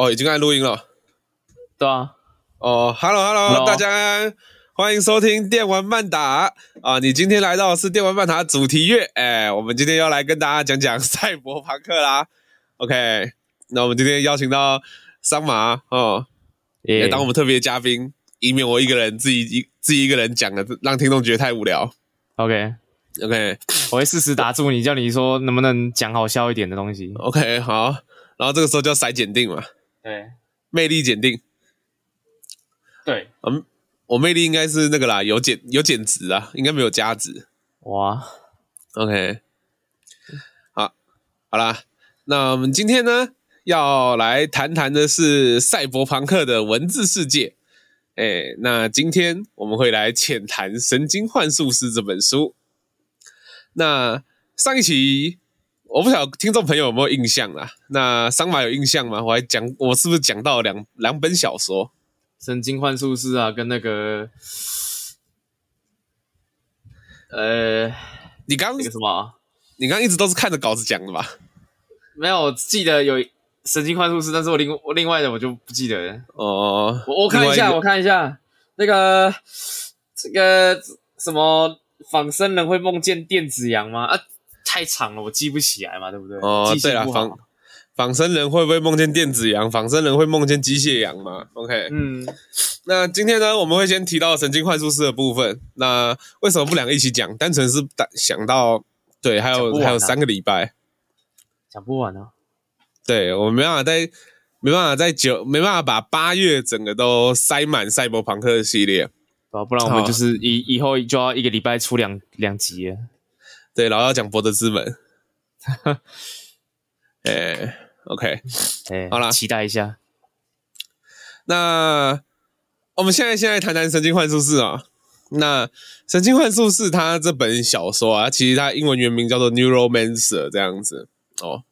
哦，已經在錄音了。對啊。哦，Hello，Hello，Hello, Hello. 大家歡迎收聽電玩慢打啊、哦！你今天來到的是電玩慢打主題月，哎、欸，我們今天要來跟大家講講賽博龐克啦。OK，那我們今天邀請到桑馬哦，也 Yeah.、欸、當我們特別嘉賓，以免我一個人自己一自己一個人講的，讓聽眾覺得太無聊。OK，OK，Okay. Okay. 我會適時打住你，我叫你說能不能講好笑一點的東西。OK，好，然後這個時候就要篩檢定嘛。對，魅力檢定。對，嗯，我魅力應該是那個啦，有減，有減值啊，應該沒有加值。哇，OK，好，好啦，那我們今天呢，要來談談的是賽博龐克的文字世界。哎、欸，那今天我們會來淺談《神經喚術士》這本書。那上一期。我不曉得聽眾朋友有沒有印象啊？那桑馬有印象嗎？我還講，我是不是講到兩兩本小說《神經喚術士》啊，跟那個……呃，你剛什麼？你剛一直都是看着稿子講的吧？沒有，我記得有《神經喚術士》，但是我另我另外的我就不記得了。哦、呃，我看一下，一我看一下那個這個什麼仿生人會夢見電子羊嗎？啊！太長了，我記不起來嘛，對不對？哦，記起來，對了，仿仿生人會不會夢見電子羊？仿生人會夢見機械羊嘛？OK，嗯，那今天呢，我們會先提到神經喚術士的部分。那為什麼不兩個一起講？單純是想到，對，還有、啊、還有三個禮拜，講不完哦、啊。對，我們沒辦法在沒辦法在九，沒辦法把八月整個都塞滿賽博朋克系列，不然我們就是好以以後就要一個禮拜出兩兩集。對，然後要講《博德之門》，哈哈，哎，OK，好啦，期待一下。那我們現在現在談談《神經喚術士》啊。那《神經喚術士》它這本小說啊，其實它英文原名叫做《Neuromancer》這樣子哦。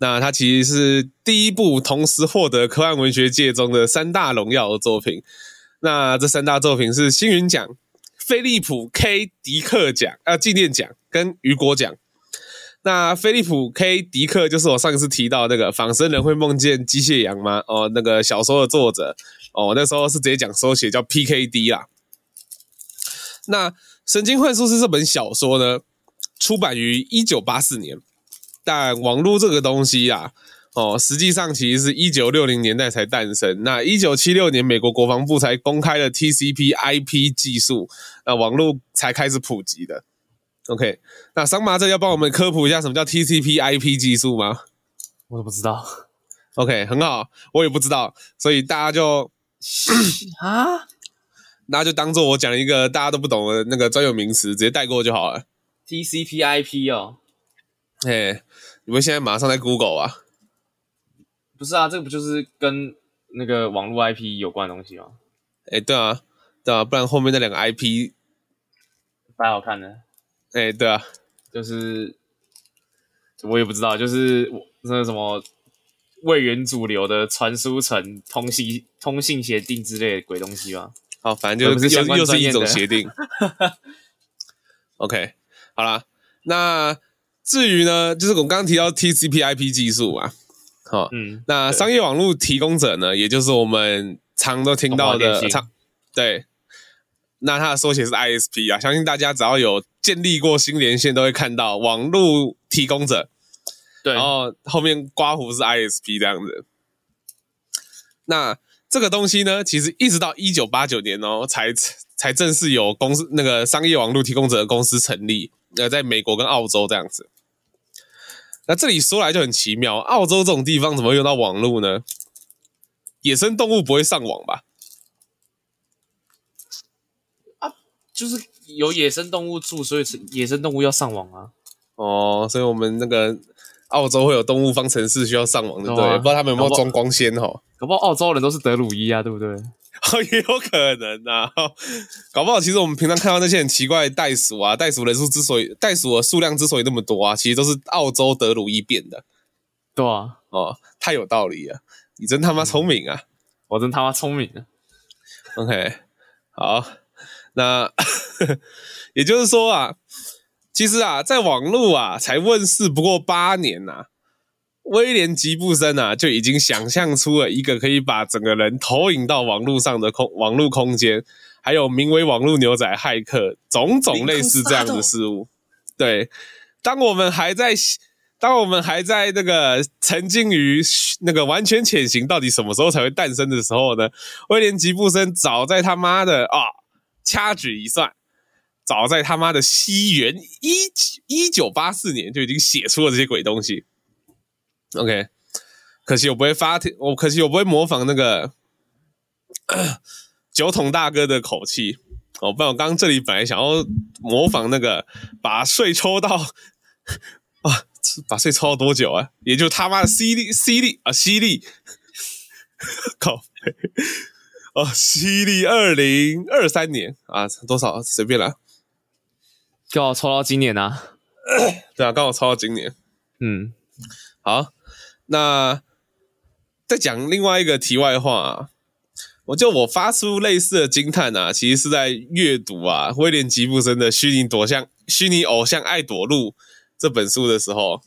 那它其實是第一部同時獲得科幻文學界中的三大榮耀的作品。那這三大作品是星雲獎。菲利普 ·K· 迪克獎，啊、呃、紀念獎跟雨果獎。那菲利普 ·K· 迪克就是我上一次提到那個仿生人會夢見機械羊，羊嗎？哦，那個小說的作者，哦，那時候是直接講縮寫叫 PKD 啊。那《神經喚術士》是這本小說呢，出版於一九八四年。但網絡這個東西啊。哦，實際上其實是一九六零年代才誕生，那一九七六年美國國防部才公開了 TCP/IP 技術，那、呃、網絡才開始普及的。OK，那桑麻，這要幫我們科普一下什麼叫 TCP/IP 技術嗎？我都不知道。OK，很好，我也不知道，所以大家就啊，那就當做我講一個大家都不懂的那個專有名詞，直接帶過就好了。TCP/IP 哦，哎，hey, 你們現在馬上在 Google 啊。不是啊，這個不就是跟那個網絡 IP 有關的東西嗎？哎、欸，對啊，對啊，不然後面那兩個 IP 不太好看呢。哎、欸，對啊，就是我也不知道，就是我那什麼為原主流的傳輸層通信通信協定之類的鬼東西嗎？好，反正就是相關又，又是一種協定。 OK，好了，那至於呢，就是我們剛剛提到 TCP/IP 技術啊。好，哦、嗯，那商業網絡提供者呢，對也就是我們常都聽到的、呃、對，那他的縮寫是 ISP 啊，相信大家只要有建立過新連線，都會看到網絡提供者，對，然後後面括弧是 ISP 這樣子。對那這個東西呢，其實一直到一九八九年哦，才才正式有公司那個商業網絡提供者的公司成立，呃，在美國跟澳洲這樣子。那這裡說來就很奇妙，澳洲這種地方怎麼會用到網絡呢？野生動物不會上網吧？啊，就是有野生動物住，所以野生動物要上網啊。哦，所以我們那個澳洲會有動物方程式需要上網的，對吧？對不對？不知道他們有沒有裝光纖哈？搞不好，搞不好澳洲人都是德魯伊啊，對不對？哦， 也有可能吶、啊哦，搞不好其實我們平常看到那些很奇怪的袋鼠啊，袋鼠人數之所以袋鼠的數量之所以那麼多啊，其實都是澳洲德魯伊變的。對啊，哦，太有道理了，你真他媽聰明啊、嗯，我真他媽聰明。OK，好，那 也就是說啊，其實啊，在網絡啊才問世不過八年吶、啊。威廉吉布森啊，就已經想象出了一個可以把整個人投影到網絡上的空網絡空間，還有名為“網絡牛仔駭客”種種類似這樣的事物。對，當我們還在當我們還在那個沉浸於那個完全潛行到底什麼時候才會誕生的時候呢，威廉吉布森早在他媽的啊、哦、掐指一算，早在他媽的西元一一九八四年就已經寫出了這些鬼東西。OK，可惜我不會發，我可惜我不會模仿那個呃、酒桶大哥的口氣。我、哦、不然我剛這裡本來想要模仿那個把稅抽到啊，把稅抽到多久啊？也就他媽的 CD CD 啊犀利。靠！哦犀利二零二三年啊，多少隨便了，剛好抽到今年吶。對啊，啊、剛好抽到今年。嗯，好。那再講另外一個題外話、啊，我就我發出類似的驚嘆啊，其實是在閱讀啊威廉‧吉布森的《虛擬偶像虛擬偶像愛朵露》這本書的時候，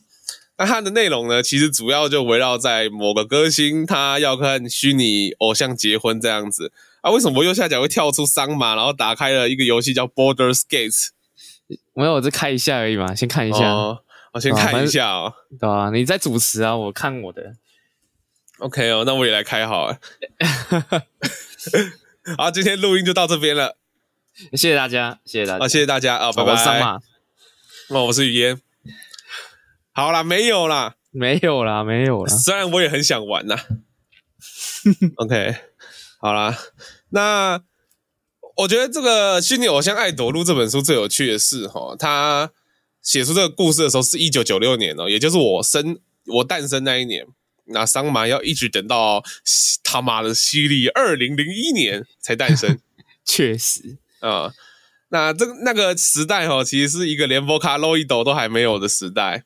那它的內容呢，其實主要就圍繞在某個歌星他要看虛擬偶像結婚這樣子啊。為什麼我右下角會跳出商碼，然後打開了一個遊戲叫《Baldur's Gate》，s 沒有，我再開一下而已嘛，先看一下。哦我先看一下哦，哦，對啊，你在主持啊，我看我的。OK 哦，那我也來開好了。 好，今天錄音就到這邊了，謝謝大家，謝謝大家，哦、謝謝大家啊、哦，拜拜。那、哦我，哦、我是雨煙。好啦，沒有啦，沒有啦，沒有啦。雖然我也很想玩吶。 OK，好啦，那我覺得這個虛擬偶像愛朵露這本書最有趣的是哈、哦，它。寫出這個故事的時候是1996年哦，也就是我生我誕生那一年。那桑馬要一直等到他媽的西曆2001年才誕生，確實啊，嗯。那這個那個時代哦，其實是一個連 Vocaloid 都還沒有的時代。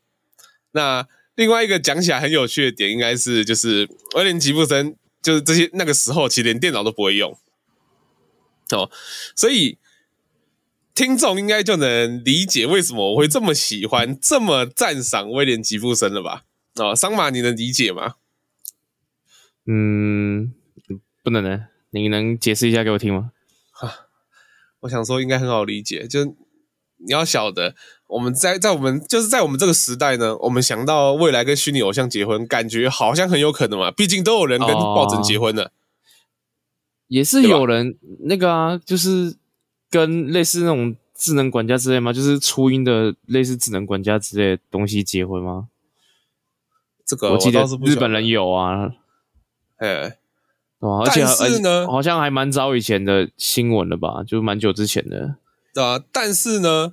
那另外一個講起來很有趣的點，應該是就是威廉吉布森，就是這些那個時候其實連電腦都不會用哦，所以。聽眾應該就能理解為什麼我會這麼喜歡、這麼讚賞威廉·吉布森了吧？哦，桑馬你能理解嗎？嗯，不能呢。你能解釋一下給我聽嗎？哈、啊，我想說應該很好理解，就你要曉得，我們在在我們就是在我們這個時代呢，我們想到未來跟虛擬偶像結婚，感覺好像很有可能嘛。畢竟都有人跟抱枕結婚了、哦，也是有人吧那個啊，就是。跟類似那種智能管家之類嗎？就是初音的類似智能管家之類的東西結婚嗎？這個我記得日本人有啊嘿嘿，哎，但而且但是呢、欸，好像還蠻早以前的新聞了吧？就蠻久之前的。對啊，但是呢，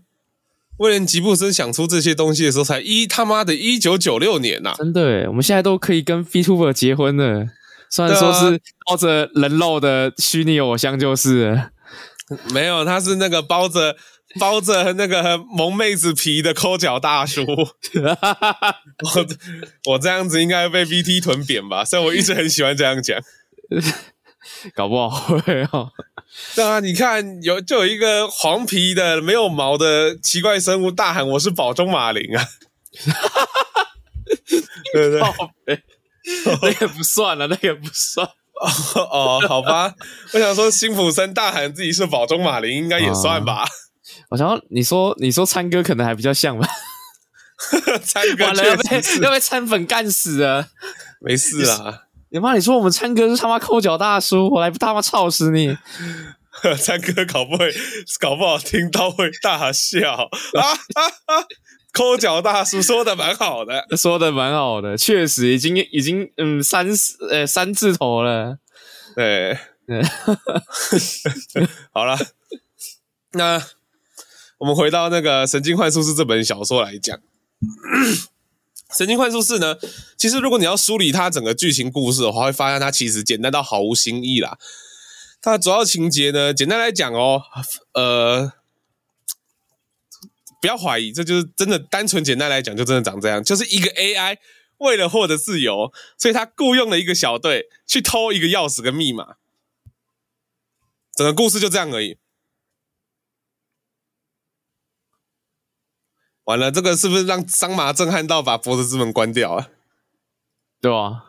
威廉吉布森想出這些東西的時候，才一他媽的一九九六年吶、啊！真的，我們現在都可以跟 VTuber 結婚了，雖然說是抱着人肉的虛擬偶像，就是。沒有，他是那個包着包着那個萌妹子皮的摳腳大叔。我我這樣子應該被 BT 痛扁吧？雖然我一直很喜歡這樣講，搞不好會哦。 對啊，你看有就有一個黃皮的沒有毛的奇怪生物大喊：“我是保中馬鈴啊！”哈哈哈哈哈。對對，oh, 那也不算了，那也不算。哦哦，好吧，我想說辛普森大喊自己是寶中馬林，應該也算吧。Uh, 我想說你說，你說參哥可能還比較像吧。 參哥歌 完了，又被又被參粉幹死了。沒事啊，你媽！你說我們參哥是他媽摳腳大叔，我還不他媽操死你！ 參哥搞不會，搞不好聽到會大笑， 啊！啊啊摳腳大叔說的蠻好， 好的，說的蠻好的，確實已經已經嗯，三字呃、欸、三字頭了，對， 好了，那我們回到那個《神經喚術士》這本小說來講，《 神經喚術士》呢，其實如果你要梳理它整個劇情故事的話，會發現它其實簡單到毫無新意啦。它主要情節呢，簡單來講哦，呃。不要懷疑，這就是真的。單純簡單來講，就真的長這樣，就是一個 AI 為了獲得自由，所以他僱傭了一個小隊去偷一個鑰匙跟密碼。整個故事就這樣而已。完了，這個是不是讓桑馬震撼到把《博德之門》關掉啊？對啊，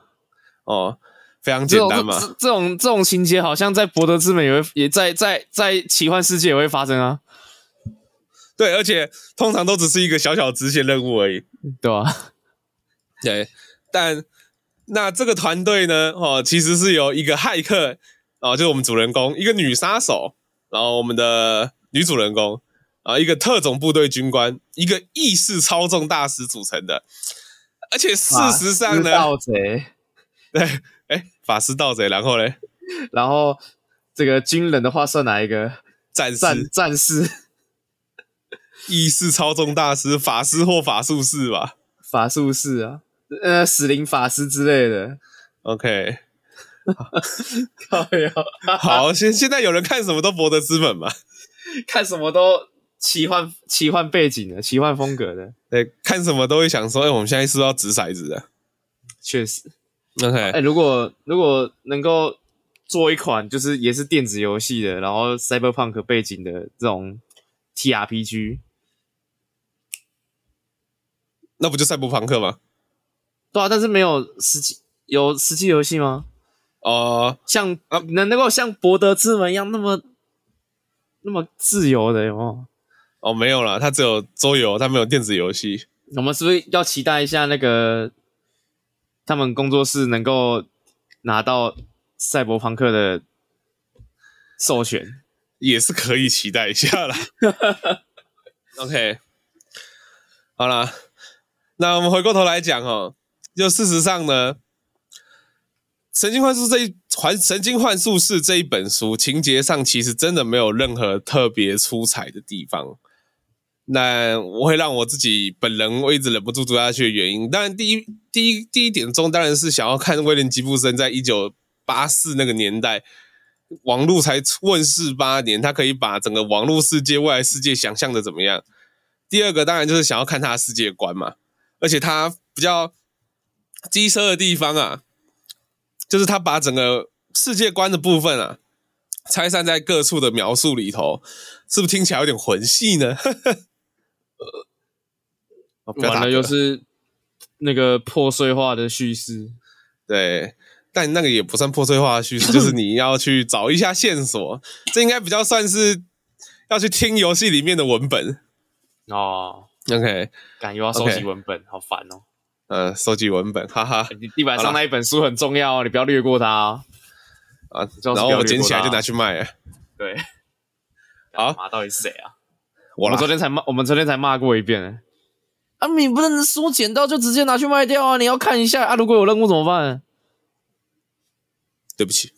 哦，非常簡單嘛。這，這，這種這種情節好像在《博德之門》也會，也在在在奇幻世界也會發生啊。對，而且通常都只是一個小小支線任務而已，對吧、啊？對，但那這個團隊呢？哦，其實是由一個駭客啊、哦，就是我們主人公，一個女殺手，然後我們的女主人公啊，一個特種部隊軍官，一個意識操縱大師組成的。而且事實上呢，盜賊，對，哎，法師、盜賊，然後嘞，然後這個軍人的話算哪一個？戰士戰，戰士。意識操縱大師，法師或法術士吧，法術士啊，呃，死靈法師之類的。OK，好，現現在有人看什麼都博德之門嘛， 看什麼都奇幻奇幻背景的，奇幻風格的，對、欸，看什麼都會想說，哎、欸，我們現在是，不是要擲骰子的、啊，確實，OK，哎、欸，如果如果能夠做一款就是也是電子遊戲的，然後 Cyberpunk 背景的這種。TRPG，那不就賽博朋克嗎？對啊，但是沒有實際有實際遊戲嗎？哦，像啊，能能夠像《uh, 像博德之門》一樣那麼那麼自由的有沒有？哦，oh, 沒有了，他只有桌遊，他沒有電子遊戲。我們是不是要期待一下那個他們工作室能夠拿到賽博朋克的授權？ 也是可以期待一下啦 OK，好啦，那我們回過頭來講哦。就事實上呢，神經喚術這一《神經喚術士》這一環，《神經喚術士》這一本書情節上其實真的沒有任何特別出彩的地方。那我會讓我自己本人我一直忍不住讀下去的原因，當然第一第一第一點中，當然是想要看威廉·吉布森在一九八四那個年代。網絡才問世八年，他可以把整個網絡世界、未來世界想象的怎麼樣？第二個當然就是想要看他的世界觀嘛，而且他比較機車的地方啊，就是他把整個世界觀的部分啊，拆散在各處的描述裡頭，是不是聽起來有點魂系呢？呃， 完了又是那個破碎化的敘事，對。但那個也不算破碎化的敘事，就是你要去找一下線索。這應該比較算是要去聽遊戲裡面的文本哦。OK，感覺要收集文本，好煩哦。呃，收集文本，哈哈。地板上那一本書很重要哦，你不要略過它啊。啊，然後我撿起來就拿去賣。啊。對，啊，到底是誰啊？我們昨天才罵，我們昨天才罵過一遍。啊，你不能說撿到就直接拿去賣掉啊！你要看一下啊，如果有任務怎麼辦？對不起，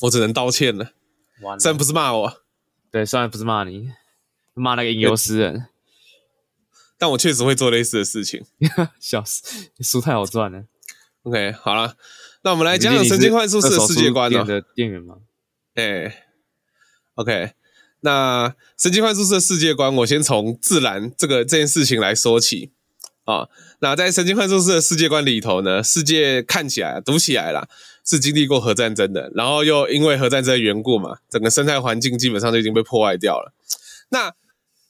我只能道歉了。雖然了不是罵我，對，雖然不是罵你，罵那個吟遊詩人，但我確實會做類似的事情。笑死，書太好賺了。OK，好了，那我們來講講《神經幻術師》世界觀的電源嗎？哎，OK，那《神經幻術師》的世界觀、哦，店店 okay, 界觀我先從自然這個、這個、這件事情來說起。啊、哦，那在《神經喚術士》的世界觀裡頭呢，世界看起來、讀起來了是經歷過核戰爭的，然後又因為核戰爭的緣故嘛，整個生態環境基本上就已經被破壞掉了。那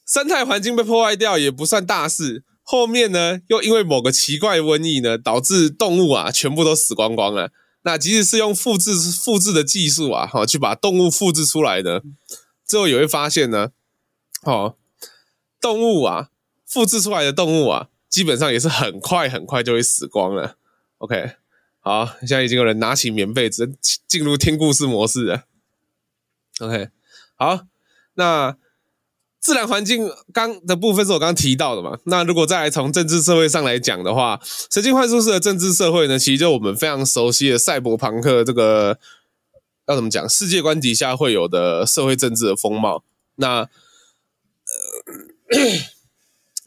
生態環境被破壞掉也不算大事，後面呢，又因為某個奇怪瘟疫呢，導致動物啊全部都死光光了。那即使是用複製、複製的技術啊，哈、哦，去把動物複製出來的，最後也會發現呢，哦，動物啊，複製出來的動物啊。基本上也是很快很快就會死光了。OK，好，現在已經有人拿起棉被子進入聽故事模式了。OK，好，那自然環境剛的部分是我剛剛提到的嘛？那如果再來從政治社會上來講的話，神經喚術士的政治社會呢，其實就我們非常熟悉的賽博龐克這個要怎麼講世界觀底下會有的社會政治的風貌。那，呃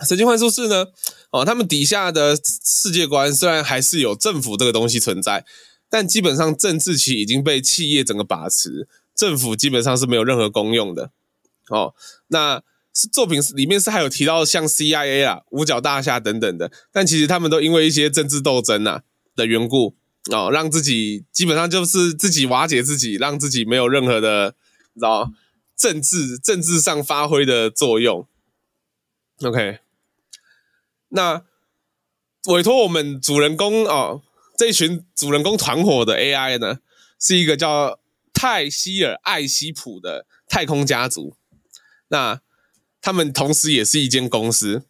神經喚術士呢，哦，他們底下的世界觀雖然還是有政府這個東西存在，但基本上政治其已經被企業整個把持，政府基本上是沒有任何功用的。哦，那是作品裡面是還有提到像 CIA 啦、五角大廈等等的，但其實他們都因為一些政治鬥爭吶、啊、的緣故，哦，讓自己基本上就是自己瓦解自己，讓自己沒有任何的，你知道政治政治上發揮的作用。OK。那委託我們主人公哦，這群主人公團夥的 AI 呢，是一個叫泰希爾艾希普的太空家族。那他們同時也是一間公司，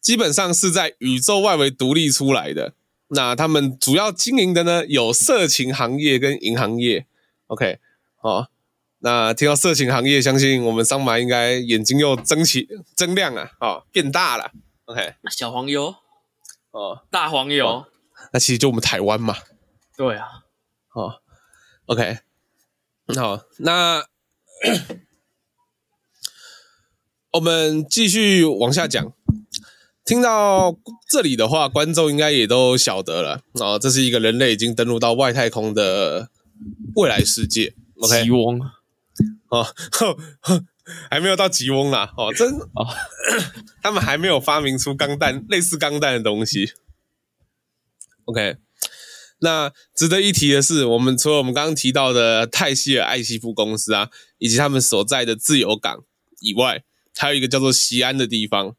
基本上是在宇宙外圍獨立出來的。那他們主要經營的呢，有色情行業跟銀行業。OK，哦，那聽到色情行業，相信我們桑麻應該眼睛又睜起、睜亮了，哦，變大了。OK，小黃油，哦，oh, 大黃油，oh, 那其實就我們台灣嘛。對啊，哦、oh,，OK，好、oh,，那 我們繼續往下講。聽到這裡的話，觀眾應該也都曉得了啊，oh, 這是一個人類已經登陸到外太空的未來世界。OK，呵翁。Oh, 還沒有到吉翁啦，哦，真哦，他們還沒有發明出鋼彈，類似鋼彈的東西。OK，那值得一提的是，我們除了我們剛剛提到的泰西爾艾西夫公司啊，以及他們所在的自由港以外，還有一個叫做西安的地方。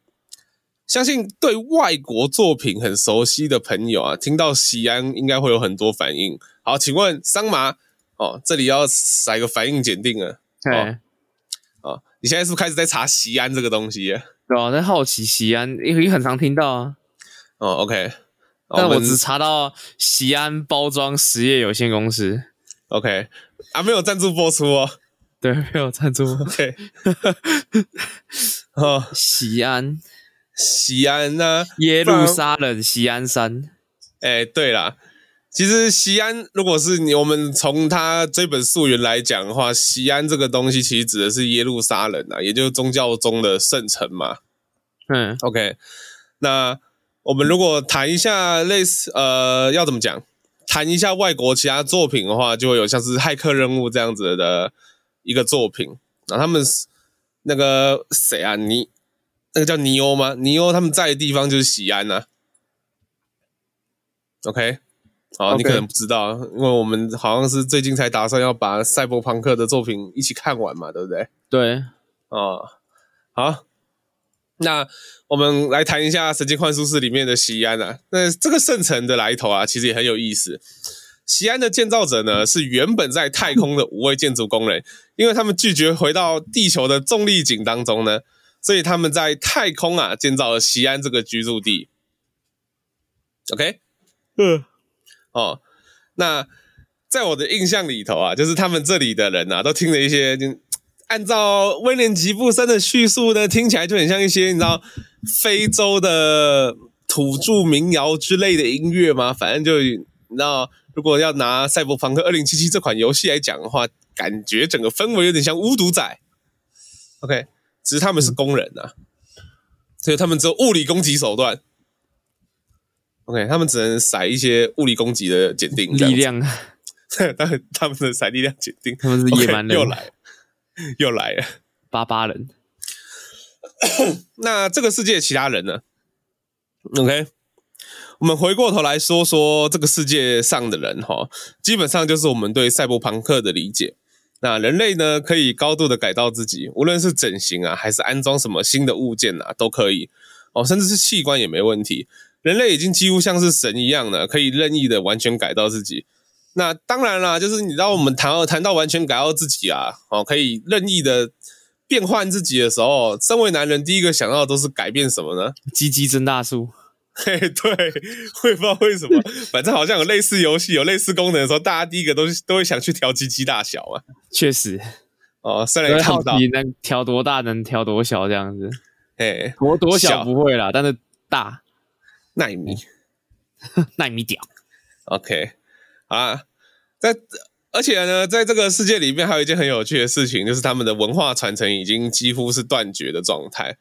相信對外國作品很熟悉的朋友啊，聽到西安應該會有很多反應。好，請問桑麻哦，這裡要篩個反應檢定了。嘿哦你現在是不是開始在查錫安這個東西？對啊，在好奇錫安，因為很常聽到啊。哦、oh,，OK，oh, 但我只查到錫安包裝實業有限公司。OK，啊，沒有贊助播出哦。對，沒有贊助播。OK， 哦，錫安，錫安呢、啊？耶路撒冷，錫安山。哎，對了。其實錫安，如果是你，我們從它追本溯源來講的話，錫安這個東西其實指的是耶路撒冷啊，也就是宗教中的聖城嘛。嗯，OK。那我們如果談一下類似，呃，要怎麼講？談一下外國其他作品的話，就會有像是《駭客任務》這樣子的一個作品。那他們那個誰啊？尼，那個叫尼歐嗎？尼歐他們在的地方就是錫安啊。OK。好，oh, Okay. 你可能不知道，因為我們好像是最近才打算要把《賽博龐克》的作品一起看完嘛，對不對？對，哦，oh, 好，那我們來談一下《神經喚術士》裡面的錫安啊，那這個聖城的來頭啊，其實也很有意思。錫安的建造者呢，是原本在太空的五位建築工人，因為他們拒絕回到地球的重力井當中呢，所以他們在太空啊建造了錫安這個居住地。OK，嗯。哦，那在我的印象裡頭啊，就是他們這裡的人吶、啊，都聽了一些，就按照威廉吉布森的敘述呢，聽起來就很像一些你知道非洲的土著民謠之類的音樂嘛。反正就你知道，如果要拿《賽博朋克二零七七》這款遊戲來講的話，感覺整個氛圍有點像巫毒仔。OK，只是他們是工人吶、啊，所以他們只有物理攻擊手段。OK，他們只能骰一些物理攻擊的檢定力量， 他們的骰力量檢定，他們是野蠻人，okay，又來又來了88人。 那這個世界其他人呢？OK，嗯、我們回過頭來說說這個世界上的人哈，基本上就是我們對賽博朋克的理解。那人類呢，可以高度的改造自己，無論是整形啊，還是安裝什麼新的物件啊，都可以哦，甚至是器官也沒問題。人類已經幾乎像是神一樣了，可以任意的完全改造自己。那當然啦，就是你知道我們談到談到完全改造自己啊，哦，可以任意的變換自己的時候，身為男人第一個想到的都是改變什麼呢？雞雞增大術。嘿，對，我也不知道為什麼，反正好像有類似遊戲、 有類似功能的時候，大家第一個都都會想去調雞雞大小啊。確實，哦，雖然看到能調多大能調多小這樣子。嘿，我多，多小，小不會啦，但是大。奈米， 奈米屌，OK 啊，在而且呢，在這個世界裡面還有一件很有趣的事情，就是他們的文化傳承已經幾乎是斷絕的狀態。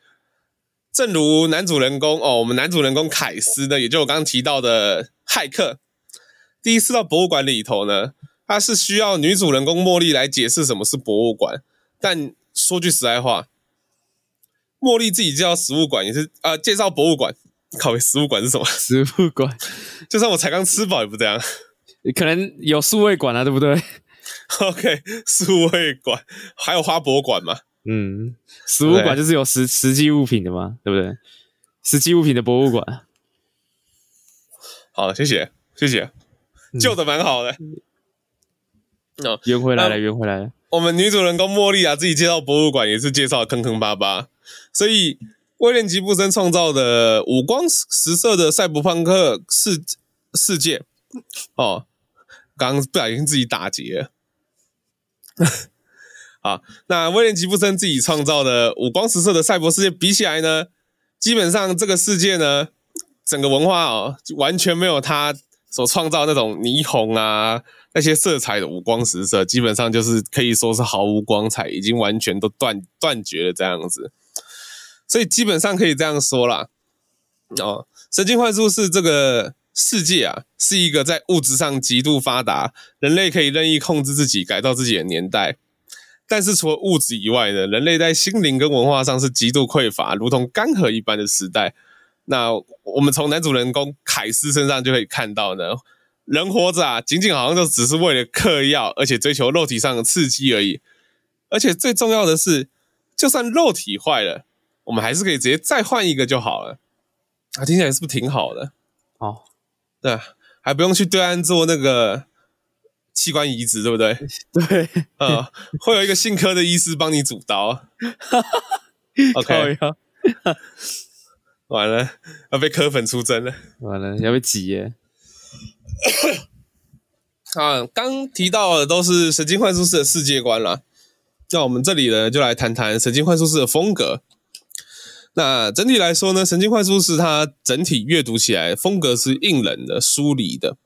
正如男主人公哦，我們男主人公凱斯呢，也就我剛剛提到的駭客，第一次到博物館裡頭呢，他是需要女主人公茉莉來解釋什麼是博物館。但說句實在話，茉莉自己介紹食物館也是呃介紹博物館。考慮食物館是什麼？食物館，就算我才剛吃飽也不這樣。可能有數位館啊，對不對？OK，數位館還有花博物館嘛。嗯，食物館就是有對實實際物品的嘛，對不對？實際物品的博物館。好了，謝謝，謝謝，教的蠻好的。嗯、哦，圓回來了，圓、啊、回來了。我們女主人公茉莉啊，自己介紹博物館也是介紹坑坑巴巴，所以。威廉吉布森創造的五光十色的賽博朋克世世界哦，剛剛不小心自己打結。啊，那威廉吉布森自己創造的五光十色的賽博世界比起來呢，基本上這個世界呢，整個文化哦，完全沒有他所創造那種霓虹啊，那些色彩的五光十色，基本上就是可以說是毫無光彩，已經完全都斷斷絕了這樣子。所以基本上可以這樣說啦，哦，神經喚術士是這個世界啊，是一個在物質上極度發達，人類可以任意控制自己、改造自己的年代。但是除了物質以外呢，人類在心靈跟文化上是極度匱乏，如同乾涸一般的時代。那我們從男主人公凱斯身上就可以看到呢，人活着啊，僅僅好像就只是為了嗑藥，而且追求肉體上的刺激而已。而且最重要的是，就算肉體壞了。我們還是可以直接再換一個就好了，啊，聽起來是不是挺好的？哦，對、啊，還不用去對岸做那個器官移植，對不對？對，呃，會有一個姓柯的醫師幫你主刀。 OK， 完了要被柯粉出征了，完了要被擠耶！ 啊，剛提到的都是神經喚術士的世界觀了，在我們這裡呢，就來談談神經喚術士的風格。那整體來說呢，神經喚術士它整體閱讀起來風格是硬冷的、疏離的。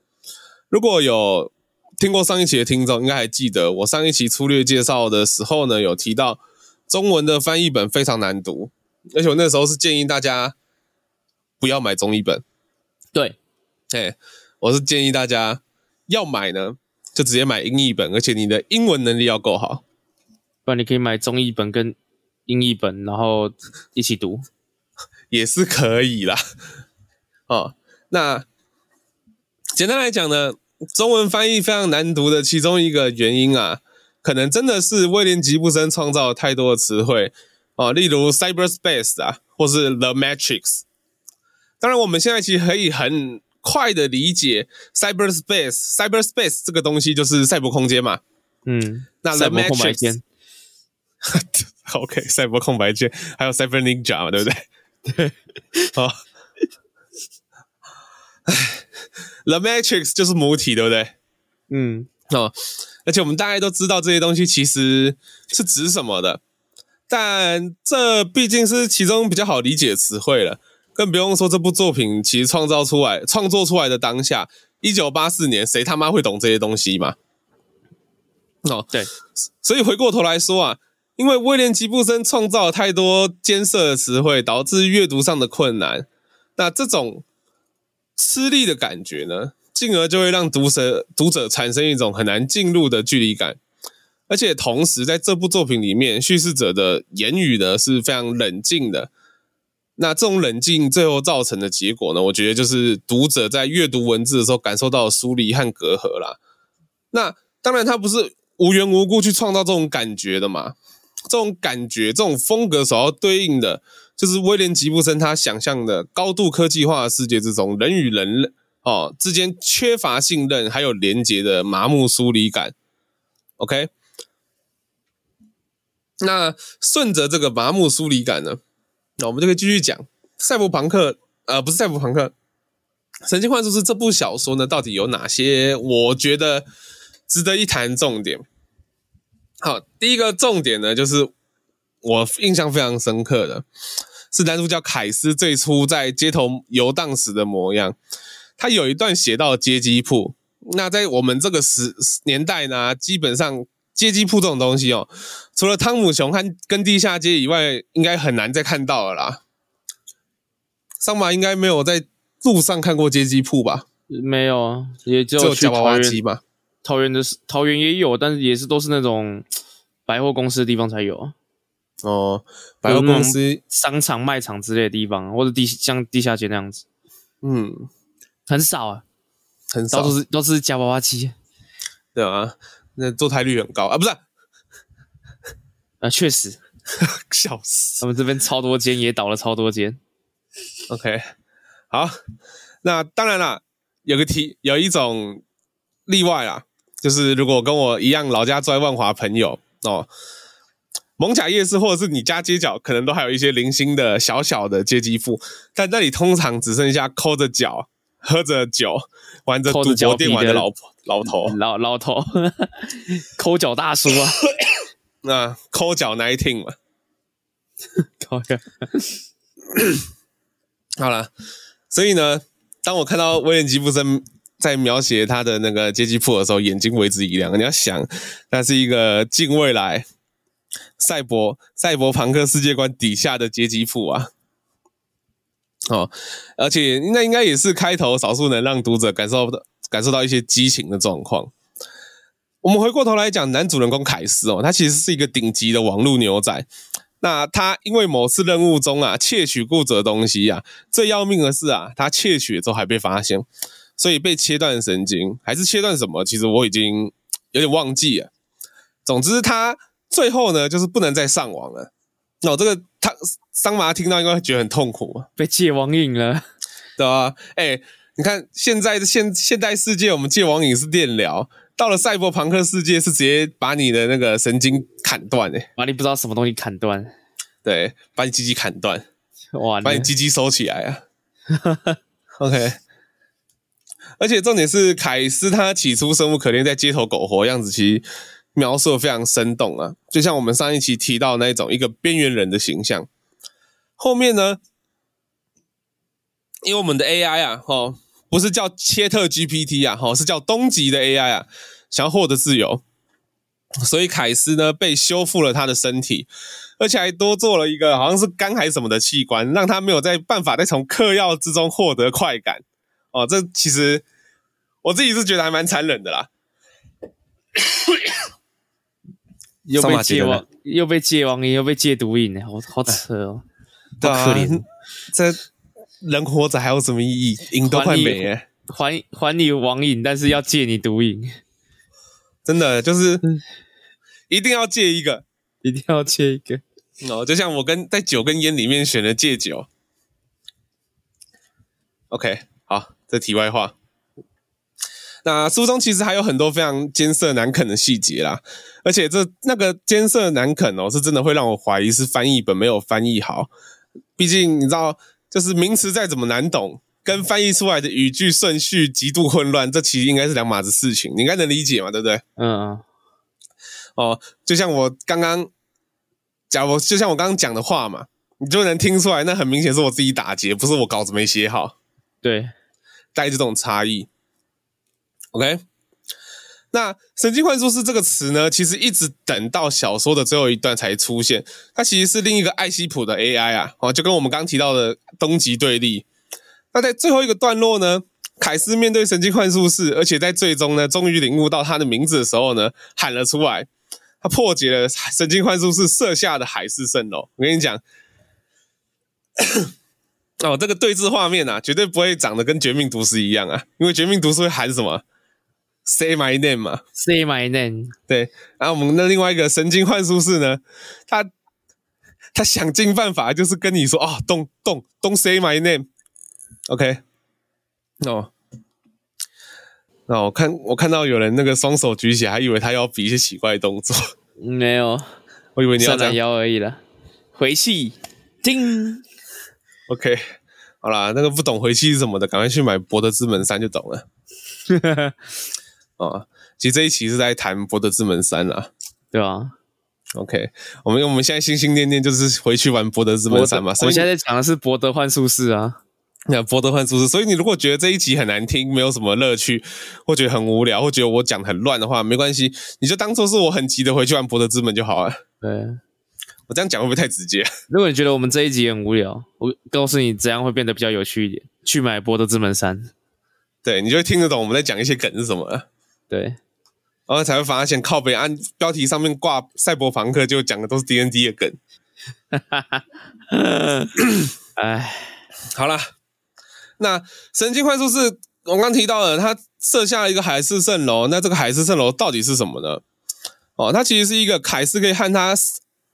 如果有聽過上一期的聽眾，應該還記得我上一期粗略介紹的時候呢，有提到中文的翻譯本非常難讀，而且我那時候是建議大家不要買中譯本。對，哎，hey, 我是建議大家要買呢，就直接買英譯本，而且你的英文能力要夠好，不然你可以買中譯本跟。英譯本，然後一起讀也是可以啦。哦，那簡單來講呢，中文翻譯非常難讀的其中一個原因啊，可能真的是威廉吉布森創造了太多的詞彙哦，例如 cyberspace 啊，或是 The Matrix。當然，我們現在其實可以很快的理解 cyberspace，cyberspace cy 這個東西就是賽博空間嘛。嗯，那 The Matrix。 O.K. 賽博空白鍵，還有 Cyber Ninja 嘛，對不對？對，好。唉，《The Matrix》就是母體，對不對？嗯，哦，而且我們大家都知道這些東西其實是指什麼的，但這畢竟是其中比較好理解詞彙了。更不用說這部作品其實創造出來、創作出來的當下，一九八四年，誰他媽會懂這些東西嘛？哦，對。所以回過頭來說啊。因為威廉·吉布森創造了太多艱澀的詞彙，導致閱讀上的困難。那這種吃力的感覺呢，進而就會讓讀者讀者產生一種很難進入的距離感。而且同時，在這部作品裡面，敘事者的言語呢是非常冷靜的。那這種冷靜最後造成的結果呢，我覺得就是讀者在閱讀文字的時候感受到疏離和隔閡啦。那當然，他不是無緣無故去創造這種感覺的嘛。這種感覺，這種風格，所要對應的就是威廉·吉布森他想象的高度科技化的世界之中，人與人哦之間缺乏信任還有連結的麻木疏離感。OK，那順着這個麻木疏離感呢，那我們就可以繼續講《賽博朋克》呃，不是《賽博朋克》，《神經喚術士》這部小說呢，到底有哪些我覺得值得一談重點？好，第一個重點呢，就是我印象非常深刻的是男主角凱斯最初在街頭游蕩時的模樣。他有一段寫到街機鋪，那在我們這個時年代呢，基本上街機鋪這種東西哦，除了湯姆熊和跟地下街以外，應該很難再看到了啦。桑巴應該沒有在路上看過街機鋪吧？沒有啊，也就去娃娃機吧。桃園的是桃園也有，但是也是都是那種百貨公司的地方才有，啊、哦，百貨公司、商場、賣場之類的地方，或者地像地下街那樣子。嗯，很少啊，很少，都是都是夾娃娃機。對啊，那做台率很高啊，不是？啊，確實，， 笑死！他們這邊超多間也倒了超多間。OK，好，那當然啦，有個題，有一種例外啦。就是如果跟我一樣老家在萬華朋友哦，艋舺夜市或者是你家街角，可能都還有一些零星的小小的街機鋪，但那裡通常只剩下摳着腳、喝着酒、玩着賭博電玩的老婆老頭老老頭摳腳 大叔啊， 那摳腳 nighting 嘛，討厭， 好了，所以呢，當我看到威廉吉布森。在描寫他的那個街機鋪的時候，眼睛為之一亮。你要想，那是一個近未來賽博賽博龐克世界觀底下的街機鋪啊！哦，而且那應該也是開頭少數能讓讀者感受感受到一些激情的狀況。我們回過頭來講，男主人公凱斯哦，他其實是一個頂級的網絡牛仔。那他因為某次任務中啊，竊取僱主的東西啊，最要命的是啊，他竊取之後還被發現。所以被切斷神經，還是切斷什麼？其實我已經有點忘記了。總之，他最後呢，就是不能再上網了。那、哦、這個他桑麻聽到應該會覺得很痛苦，被戒網癮了，對吧？哎，你看現在的現現代世界，我們戒網癮是電療；到了賽博朋克世界，是直接把你的那個神經砍斷誒。哎，把你不知道什麼東西砍斷？對，把你雞雞砍斷，哇了，把你雞雞收起來啊。 OK。而且重點是，凱斯他起初生無可戀，在街頭苟活的樣子，其實描述的非常生動啊，就像我們上一期提到那一種一個邊緣人的形象。後面呢，因為我們的 AI 啊，哦，不是叫切特 GPT 啊，吼，是叫冬寂的 AI 啊，想要獲得自由，所以凱斯呢被修復了他的身體，而且還多做了一個好像是肝還是什麼的器官，讓他沒有在辦法再從嗑藥之中獲得快感。哦，這其實我自己是覺得還蠻殘忍的啦，又被戒網，又被戒網癮，又被戒毒癮，好好扯哦，對啊、好可憐，這人活着還有什麼意義？癮都快沒了，還還你網癮，但是要戒你毒癮，真的就是一定要戒一個， 一定要戒一個，哦，就像我跟在酒跟煙裡面選了戒酒，OK。的題外話，那書中其實還有很多非常艱澀難啃的細節啦，而且這那個艱澀難啃哦、喔，是真的會讓我懷疑是翻譯本沒有翻譯好。畢竟你知道，就是名詞再怎麼難懂，跟翻譯出來的語句順序極度混亂，這其實應該是兩碼子事情，你應該能理解嘛，對不對？嗯。哦、嗯，就像我剛剛，假如就像我剛剛講的話嘛，你就能聽出來，那很明顯是我自己打結，不是我稿子沒寫好。對。帶這種差異，OK？那神經喚術士這個詞呢，其實一直等到小說的最後一段才出現。它其實是另一個艾希普的 AI 啊，哦，就跟我們剛提到的冬寂對立。那在最後一個段落呢，凱斯面對神經喚術士，而且在最終呢，終於領悟到他的名字的時候呢，喊了出來。他破解了神經喚術士設下的海市蜃樓。我跟你講。 哦，這個對峙畫面啊，絕對不會長得跟《絕命毒師》一樣啊，因為《絕命毒師》會喊什麼 “Say my name” 嘛，“Say my name”。對，然後我們的另外一個神經喚術士呢，他他想盡辦法，就是跟你說：“哦，don't, don't, don't say my name。” OK。哦，那、哦、我看我看到有人那個雙手舉起來，還以為他要比一些奇怪動作，沒有，我以為你要伸懶腰而已了，回戲，叮。OK，好啦，那個不懂回氣是什麼的，趕快去買《博德之門三》就懂了。 哦，其實這一期是在談《博德之門三》啦，對啊。OK，我們因為我們現在心心念念就是回去玩《博德之門三》嘛。德所以我們現在講的是博德喚術士啊，那博德喚術士。所以你如果覺得這一集很難聽，沒有什麼樂趣，或覺得很無聊，或覺得我講很亂的話，沒關係，你就當做是我很急的回去玩《博德之門》就好了。對。我這樣講會不會太直接？如果你覺得我們這一集很無聊，我告訴你怎樣會變得比較有趣一點：去買《柏德之門3》。對，你就聽得懂我們在講一些梗是什麼。對，然後才會發現靠北按、啊、標題上面掛《賽博龐克》，就講的都是 D N D 的梗。哎，好啦，那神經喚術士我剛，剛提到了，他設下了一個海市蜃樓，那這個海市蜃樓到底是什麼呢？哦，它其實是一個凱斯可以和他，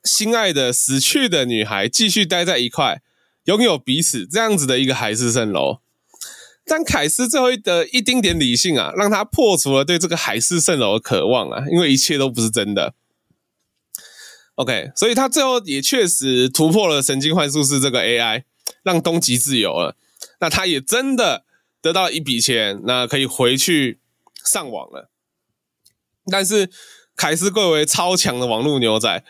心愛的死去的女孩繼續待在一塊，擁有彼此這樣子的一個海市蜃樓。但凱斯最後的一,一丁點理性啊，讓他破除了對這個海市蜃樓的渴望啊，因為一切都不是真的。OK，所以他最後也確實突破了神經喚術士這個 AI，讓東極自由了。那他也真的得到一筆錢，那可以回去上網了。但是凱斯貴為超強的網絡牛仔。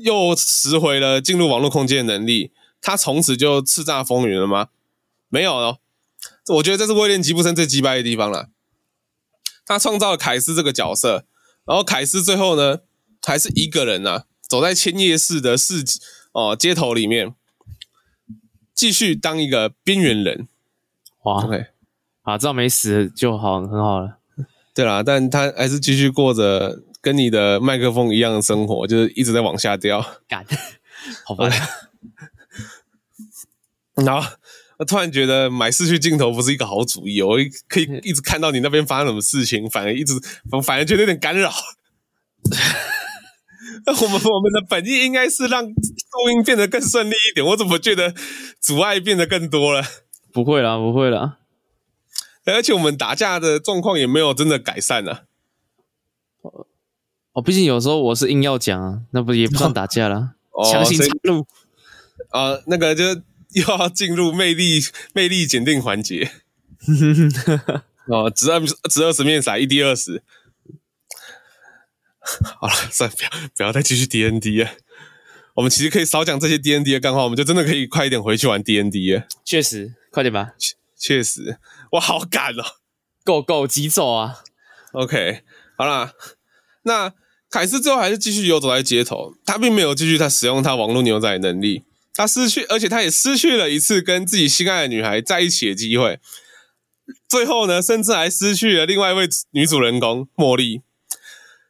又拾回了進入網絡空間的能力，他從此就叱咤風雲了嗎？沒有咯我覺得這是威廉·吉布森最機掰的地方了。他創造了凱斯這個角色，然後凱斯最後呢，還是一個人吶、啊，走在千葉市的市哦街頭裡面，繼續當一個邊緣人。哇，OK，啊，知道沒死就好，很好了。對啦，但他還是繼續過着。跟你的麥克風一樣的生活，就是一直在往下掉。幹，好吧。 然後我突然覺得買 4K 鏡頭不是一個好主意哦。我可以一直看到你那邊發生什麼事情，反而一直反反而覺得有點干擾。那 我們我們的本意應該是讓錄音變得更順利一點，我怎麼覺得阻礙變得更多了？不會啦，不會啦。而且我們打架的狀況也沒有真的改善啊。哦，畢竟有時候我是硬要講啊，那不也不算打架了，哦、強行進入啊、哦呃，那個就又要進入魅力魅力檢定環節。 哦，只二值二十面骰，一 d 二十。 好了，算了，不要不要再繼續 D N D 了。我們其實可以少講這些 D N D 的幹話，我們就真的可以快一點回去玩 D N D 了。確實，快點吧。確實，我好趕哦、喔，Go go，急走啊。OK，好啦。那。凱斯最後還是繼續遊走在街頭，他並沒有繼續他使用他網絡牛仔的能力，他失去，而且他也失去了一次跟自己心愛的女孩在一起的機會。最後呢，甚至還失去了另外一位女主人公茉莉。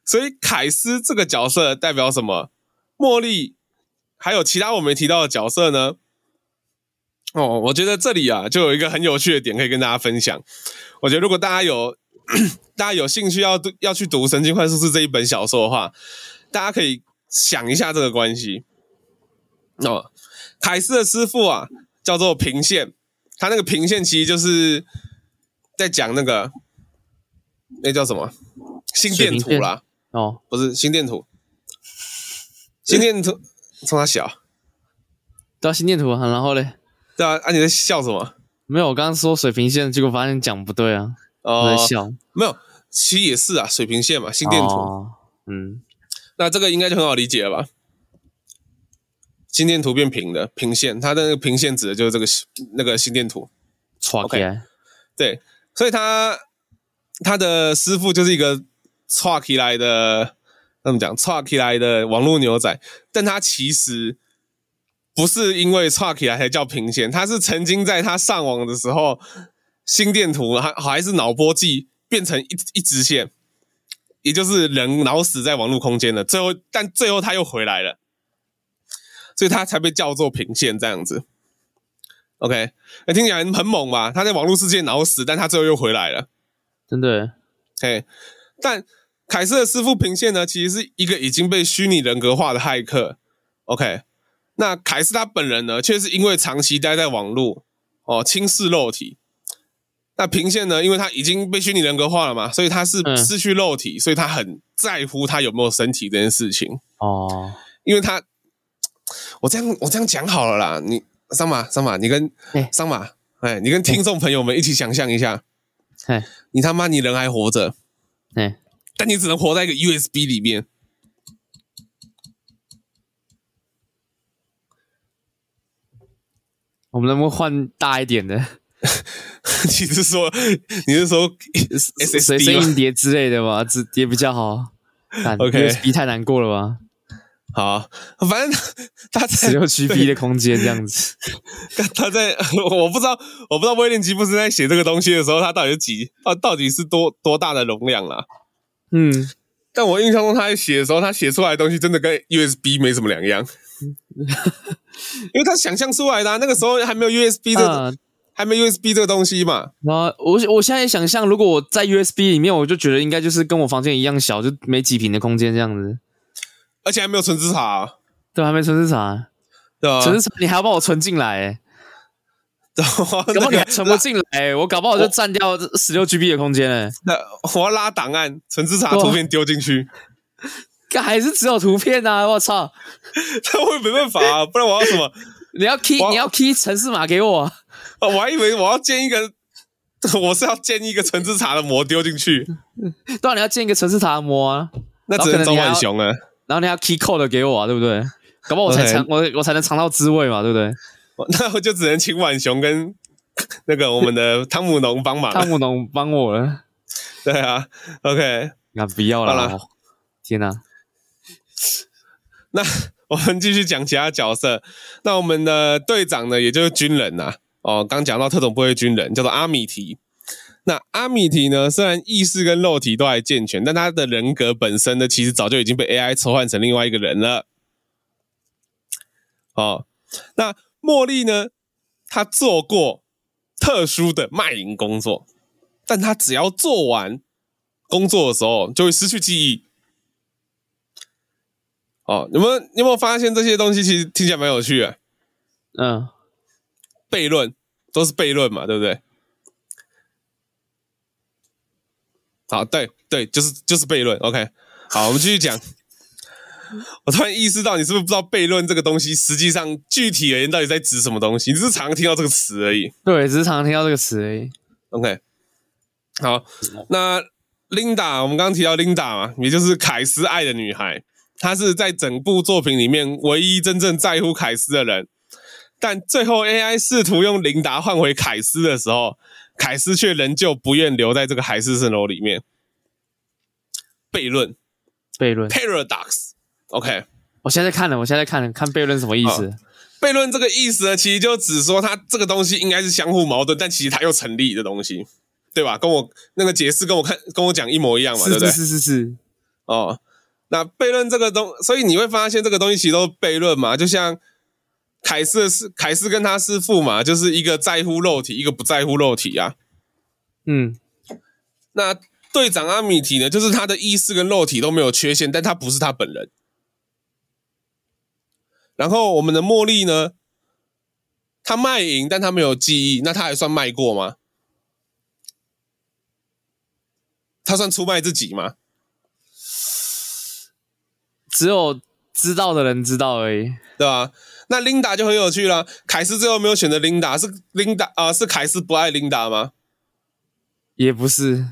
所以，凱斯這個角色代表什麼？茉莉還有其他我沒提到的角色呢？哦，我覺得這裡啊，就有一個很有趣的點可以跟大家分享。我覺得如果大家有。大家有興趣要對要去讀《神經喚術士》這一本小說的話，大家可以想一下這個關係。哦，凱斯的師傅啊，叫做平線，他那個平線其實就是在講那個那叫什麼心電圖啦。哦，不是心電圖，心電圖沖他笑對啊，心電圖啊，然後嘞，對啊，啊你在笑什麼？沒有，我剛剛說水平線，結果發現講不對啊。哦，oh, 沒有，其實也是啊，水平線嘛，心電圖，oh, 嗯，那這個應該就很好理解了吧？心電圖變平的平線，它的那個平線指的就是這個那個心電圖，叉 k，okay. 對，所以他他的師父就是一個叉 k 來的，那麼講？叉 k 來的網絡牛仔，但他其實不是因為叉 k 來才叫平線，他是曾經在他上網的時候。心電圖還還是腦波計變成一一直線，也就是人腦死在網絡空間了。最後，但最後他又回來了，所以他才被叫做平線這樣子。OK，哎、欸，聽起來很猛吧？他在網絡世界腦死，但他最後又回來了，真的。OK，但凱斯的師傅平線呢，其實是一個已經被虛擬人格化的駭客。OK，那凱斯他本人呢，卻是因為長期待在網絡，哦，輕視肉體。那平線呢？因為他已經被虛擬人格化了嘛，所以他是失去肉體，嗯、所以他很在乎他有沒有身體這件事情哦。因為他，我這樣我這樣講好了啦。你桑馬桑馬，你跟桑、欸、馬哎、欸，你跟聽眾朋友們一起想象一下，哎、欸，你他媽你人還活着，哎、欸，但你只能活在一個 USB 裡面。我們能不能換大一點的？ 你是說你是說隨身碟之類的吧？這也比較好。O K U S, Okay . B 太難過了吧，好、啊，反正他只有 g S B GB 對的空間這樣子。他在我不知道，我不知道威廉吉布森在寫這個東西的時候，他到底是幾啊？到底是多多大的容量啦、啊？嗯，但我印象中他在寫的時候，他寫出來的東西真的跟 U S B 沒什麼兩樣， 因為他想象出來的、啊、那個時候還沒有 U、這個、S B 的、啊。還沒 U S B 這個東西嘛？然後、啊、我我現在想象，如果我在 U S B 裡面，我就覺得應該就是跟我房間一樣小，就沒幾平的空間這樣子。而且還沒有存儲卡、啊，對，還沒存儲卡，對、啊，存儲卡你還要幫我存進來、欸？誒、 那個。怎麼你還存不進來、欸？誒我，我搞不好就占掉十六 G B 的空間誒、欸、那我要拉檔案，存儲卡圖片丟進去，對啊、 還是只有圖片啊，我操！那 我也沒辦法啊，不然我要什麼？你要 key，要你要 key，程式碼給我。哦、我還以為我要建一個，我是要建一個橙子茶的模丟進去。當然、 啊、你要建一個橙子茶的模啊，那只能找萬熊了、啊。然後你要 key code 給我啊，對不對？搞不好我才嘗 Okay. 我我才能嘗到滋味嘛，對不對？那我就只能請萬熊跟那個我們的湯姆農幫忙。湯 姆農幫我了。對啊，OK，那、啊、不要了。啦天吶、啊。那我們繼續講其他角色。那我們的隊長呢，也就是軍人啊。哦，剛講到特種部隊軍人叫做阿米提，那阿米提呢，雖然意識跟肉體都還健全，但他的人格本身呢，其實早就已經被 AI 切換成另外一個人了。哦，那茉莉呢，她做過特殊的賣淫工作，但她只要做完工作的時候，就會失去記憶。哦，你們有，有沒有發現這些東西其實聽起來蠻有趣的啊？嗯。呃悖論都是悖論嘛，對不對？好，對對，就是就是悖論。OK，好，我們繼續講。 我突然意識到，你是不是不知道悖論這個東西？實際上，具體而言，到底在指什麼東西？你只是常聽到這個詞而已。對，只是常聽到這個詞而已。OK。好，那 Linda，我們剛剛提到 Linda 嘛，也就是凱斯愛的女孩，她是在整部作品裡面唯一真正在乎凱斯的人。但最後，AI 試圖用琳達換回凱斯的時候，凱斯卻仍舊不願留在這個海市蜃樓裡面。悖論，悖論，paradox。Par adox, OK，我現在在看了，我現在在看了看悖論什麼意思？哦，悖論這個意思呢，其實就只說它這個東西應該是相互矛盾，但其實它又成立的東西，對吧？跟我那個解釋，跟我看，跟我講一模一樣嘛，對不對？是是是。哦，那悖論這個東，所以你會發現這個東西其實都是悖論嘛，就像。凱斯是，凱斯跟他師傅嘛，就是一個在乎肉體，一個不在乎肉體啊。嗯，那隊長阿米提呢？就是他的意識跟肉體都沒有缺陷，但他不是他本人。然後我們的茉莉呢？他賣淫，但他沒有記憶，那他還算賣過嗎？他算出賣自己嗎？只有知道的人知道而已，對吧、啊？那琳達就很有趣了。凱斯最後沒有選擇琳達，是 Linda 啊，呃？是凱斯不愛琳達嗎？也不是，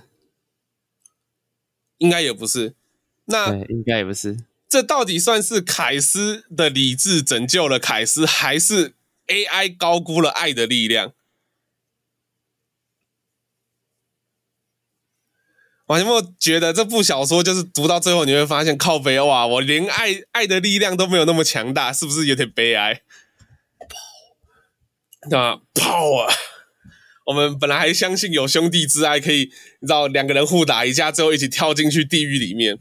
應該也不是。那應該也不是。這到底算是凱斯的理智拯救了凱斯，還是 AI 高估了愛的力量？完全沒有覺得這部小說就是讀到最後，你會發現靠北啊，我連愛愛的力量都沒有那麼強大，是不是有點悲哀？Power 那泡啊，我們本來還相信有兄弟之愛可以，你知道兩個人互打一架最後一起跳進去地獄裡面，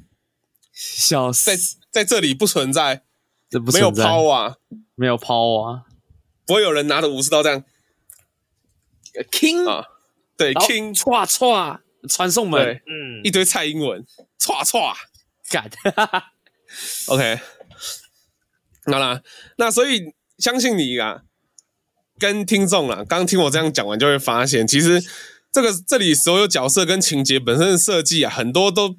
小死屎，在在這裡不存在，存在沒有拋啊，沒有拋啊，不會有人拿着武士刀這樣，King 啊、uh,，對 King，、oh, 刮刮傳送門，對嗯、一堆蔡英文，唰唰，幹，哈哈哈。OK，那啦，那所以相信你啊，跟聽眾啊，剛聽我這樣講完就會發現，其實這個這裡所有角色跟情節本身的設計啊，很多都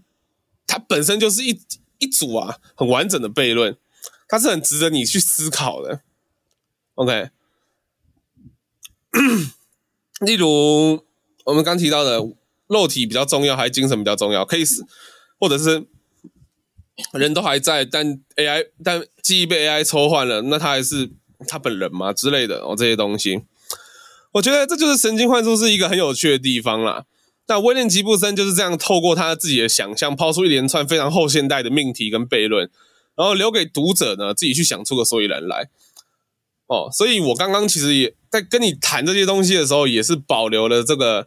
它本身就是一一組啊，很完整的悖論，它是很值得你去思考的，OK， 例如我們剛提到的。肉體比較重要還是精神比較重要？可以是，或者是人都還在，但 AI 但記憶被 AI 抽換了，那他還是他本人嗎？之類的哦，這些東西，我覺得這就是神經喚術士是一個很有趣的地方啦。那威廉吉布森就是這樣透過他自己的想象，拋出一連串非常後現代的命題跟悖論，然後留給讀者呢自己去想出個所以然來。哦，所以我剛剛其實也在跟你談這些東西的時候，也是保留了這個。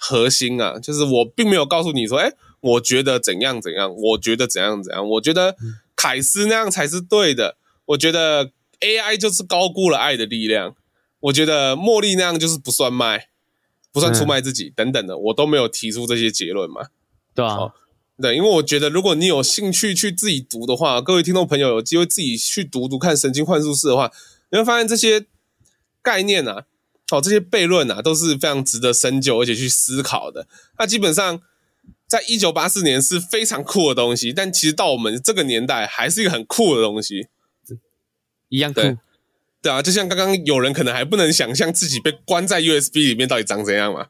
核心啊，就是我並沒有告訴你說，哎、欸，我覺得怎樣怎樣，我覺得怎樣怎樣，我覺得凱斯那樣才是對的，我覺得 AI 就是高估了愛的力量，我覺得茉莉那樣就是不算賣，不算出賣自己、嗯、等等的，我都沒有提出這些結論嘛。對啊，對，因為我覺得如果你有興趣去自己讀的話，各位聽眾朋友有機會自己去讀讀看《神經喚術士》的話，你會發現這些概念啊。哦，這些悖論啊，都是非常值得深究而且去思考的。那基本上，在一九八四年是非常酷的東西，但其實到我們這個年代還是一個很酷的東西，一樣酷對。對啊，就像剛剛有人可能還不能想象自己被關在 USB 裡面到底長怎樣嘛？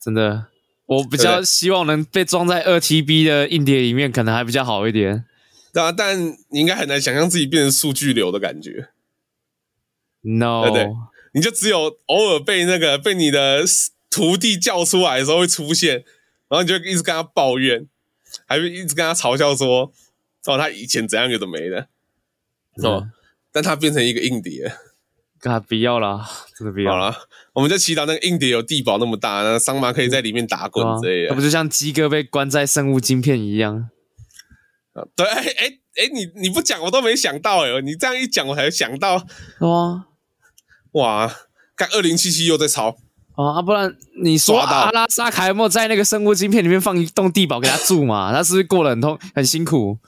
真的，我比較希望能被裝在二 TB 的硬碟裡面，可能還比較好一點。對，對啊，但你應該很難想象自己變成數據流的感覺。No，對。你就只有偶爾被那個被你的徒弟叫出來的時候會出現，然後你就一直跟他抱怨，還一直跟他嘲笑說，說、哦、他以前怎樣有的沒的，是吧的、哦、但他變成一個硬碟，幹嘛、啊、不要啦？這個不要啦？我們就祈禱那個硬碟有地堡那麼大，那桑麻可以在裡面打滾這樣。那、啊、不就像雞哥被關在生物晶片一樣？啊、對，哎、欸、哎、欸，你你不講我都沒想到哎、欸，你這樣一講我才想到哇。啊哇，幹二零七七又在抄啊、哦！不然你說阿拉莎卡莫在那個生物晶片裡面放一棟地堡給他住嘛， 他是不是過得很痛很辛苦？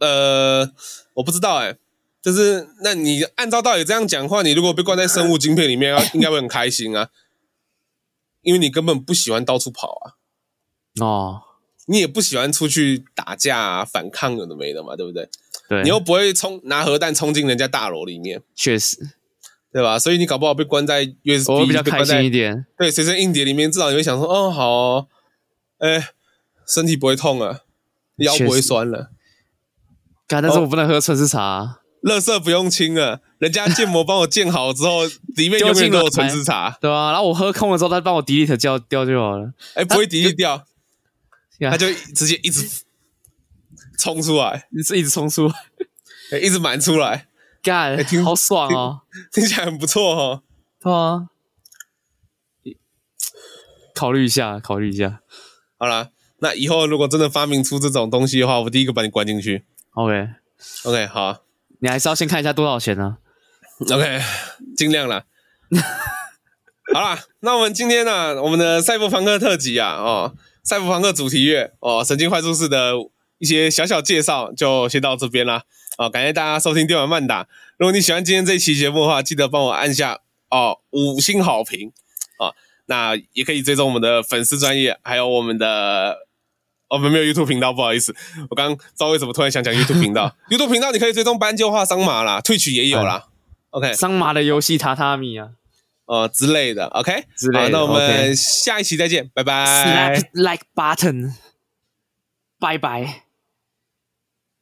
呃，我不知道哎、欸，就是那你按照道理這樣講話，你如果被關在生物晶片裡面， 應該會很開心啊，因為你根本不喜歡到處跑啊，哦，你也不喜歡出去打架，啊，反抗有的沒的嘛，對不對？你又不會衝拿核彈衝進人家大樓裡面，確實，對吧？所以你搞不好被關在 USB，我比較開心一點。對，隨身硬碟裡面至少你會想說，嗯，好，哎，身體不會痛了，腰不會酸了。該但是我不能喝純喫茶，垃圾不用清了，人家建模幫我建好之後，裡面就進我純喫茶，對吧？然後我喝空了之後，再幫我 delete 掉掉就好了，哎，不會 delete 掉，他就直接一直。衝出來！你是一直衝出來，欸、一直滿出來幹，幹欸、好爽哦聽，聽起來很不錯哦，對啊，考慮一下，考慮一下，好了，那以後如果真的發明出這種東西的話，我第一個把你關進去。OK，OK，Okay、okay, 好、啊，你還是要先看一下多少錢呢、啊、？OK，盡量了。 好了，那我們今天呢、啊，我們的賽博朋克特輯啊，哦，賽博朋克主題月，哦，神經喚術士的。一些小小介紹就先到這邊了啊、哦！感謝大家收聽《電玩慢打》。如果你喜歡今天這期節目的話，記得幫我按下哦五星好評啊、哦！那也可以追蹤我們的粉絲專業，還有我們的我們、哦、沒有 YouTube 頻道，不好意思，我剛不知道為什麼突然想講 YouTube 頻道。 YouTube 頻道你可以追蹤斑鳩畫桑馬啦 ，Twitch 也有啦。嗯、OK，桑馬的遊戲榻榻米啊，哦，之類的。OK，好、哦，那我們 okay. 下一期再見，拜拜。Like button，拜拜。